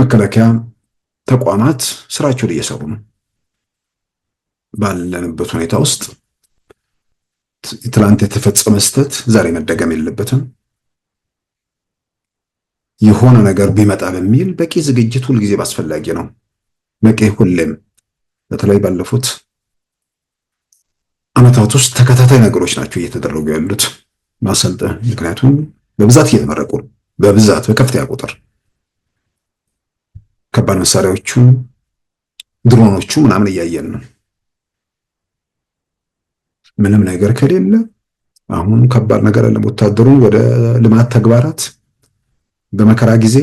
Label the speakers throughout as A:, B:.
A: መከላከያ ተቋማት ስራቸውን እየሰሩ ነው። ባለንበት ሁኔታ ውስጥ ትላንት የተፈጸመ ስህተት ዛሬ መደገም የለበትም። የሆነ ነገር ቢመጣ በሚል በቂ ዝግጅት ሁልጊዜ አስፈላጊ ነው። በቂ ሁሌም በተለይ ባለፉት አመታት ውስጥ ተከታታይ ነገሮች ናቸው እየተደረጉ ያሉት ማሰልጠን። ምክንያቱም በብዛት እየተመረቁ በብዛት በከፍተኛ ቁጥር ከባድ መሳሪያዎቹ ድሮኖቹ ምናምን እያየን ነው። ምንም ነገር ከሌለ አሁን ከባድ ነገር አለ። ወታደሩ ወደ ልማት ተግባራት በመከራ ጊዜ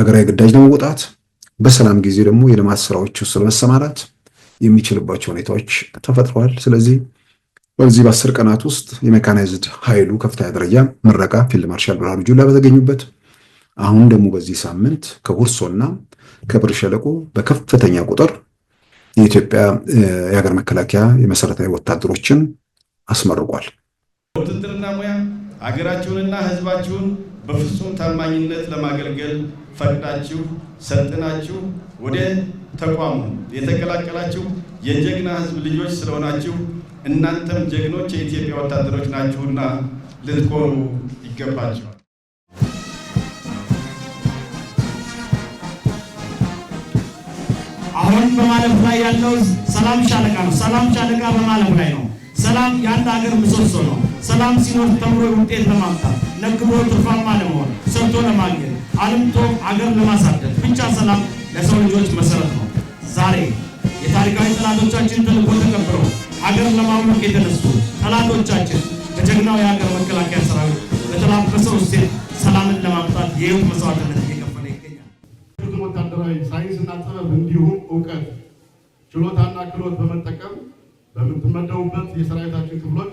A: አገራዊ ግዳጅ ለመውጣት በሰላም ጊዜ ደግሞ የልማት ስራዎች ውስጥ ለመሰማራት የሚችልባቸው ሁኔታዎች ተፈጥረዋል። ስለዚህ በዚህ በአስር ቀናት ውስጥ የሜካናይዝድ ኃይሉ ከፍተኛ ደረጃ ምረቃ ፊልድ ማርሻል ብርሃኑ ጁላ በተገኙበት አሁን ደግሞ በዚህ ሳምንት ከሁርሶና ከብር ሸለቆ በከፍተኛ ቁጥር የኢትዮጵያ የሀገር መከላከያ የመሰረታዊ ወታደሮችን አስመርቋል።
B: ውትድርና ሙያ ሀገራችሁንና ሕዝባችሁን በፍጹም ታማኝነት ለማገልገል ፈቅዳችሁ ሰልጥናችሁ ወደ ተቋሙ የተቀላቀላችሁ የጀግና ሕዝብ ልጆች ስለሆናችሁ እናንተም ጀግኖች የኢትዮጵያ ወታደሮች ናችሁና ልትኮሩ ይገባችኋል። አሁን በማለፍ ላይ ያለው ሰላም ሻለቃ ነው። ሰላም ሻለቃ በማለፍ ላይ ነው። ሰላም የአንድ ሀገር ምሰሶ ነው። ሰላም ሲኖር ተምሮ ውጤት ለማምጣት ነግቦ ትርፋማ ለመሆን ሰርቶ ለማግኘት አልምቶ አገር ለማሳደግ ብቻ ሰላም ለሰው ልጆች መሰረት ነው። ዛሬ የታሪካዊ ጠላቶቻችን ተልእኮ ተቀብለው አገር ለማምለክ የተነሱ ጠላቶቻችን በጀግናው የሀገር መከላከያ ሰራዊት በተላበሰው እሴት ሰላምን ለማምጣት የህይወት መስዋዕትነት ተፈጥሯዊ ሳይንስና ጥበብ እንዲሁም እውቀት፣ ችሎታና ክህሎት በመጠቀም በምትመደቡበት የሰራዊታችን ክፍሎች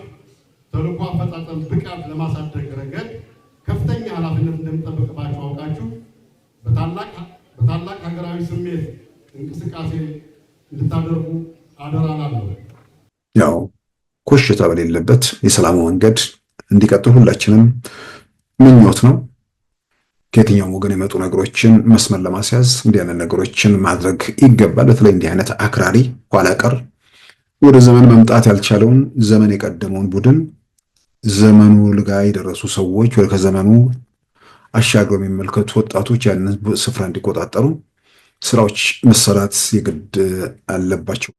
B: ተልዕኮ አፈጻጸም ብቃት ለማሳደግ ረገድ ከፍተኛ ኃላፊነት እንደሚጠበቅባችሁ አውቃችሁ በታላቅ ሀገራዊ ስሜት እንቅስቃሴ እንድታደርጉ አደራላለሁ።
A: ያው ኮሽታ በሌለበት የሰላሙ መንገድ እንዲቀጥል ሁላችንም ምኞት ነው። ከየትኛውም ወገን የመጡ ነገሮችን መስመር ለማስያዝ እንዲህ አይነት ነገሮችን ማድረግ ይገባል። በተለይ እንዲህ አይነት አክራሪ ኋላ ቀር ወደ ዘመን መምጣት ያልቻለውን ዘመን የቀደመውን ቡድን ዘመኑ ልጋ የደረሱ ሰዎች ወደ ከዘመኑ አሻግረው የሚመልከቱ ወጣቶች ያንን ስፍራ እንዲቆጣጠሩ ስራዎች መሰራት የግድ አለባቸው።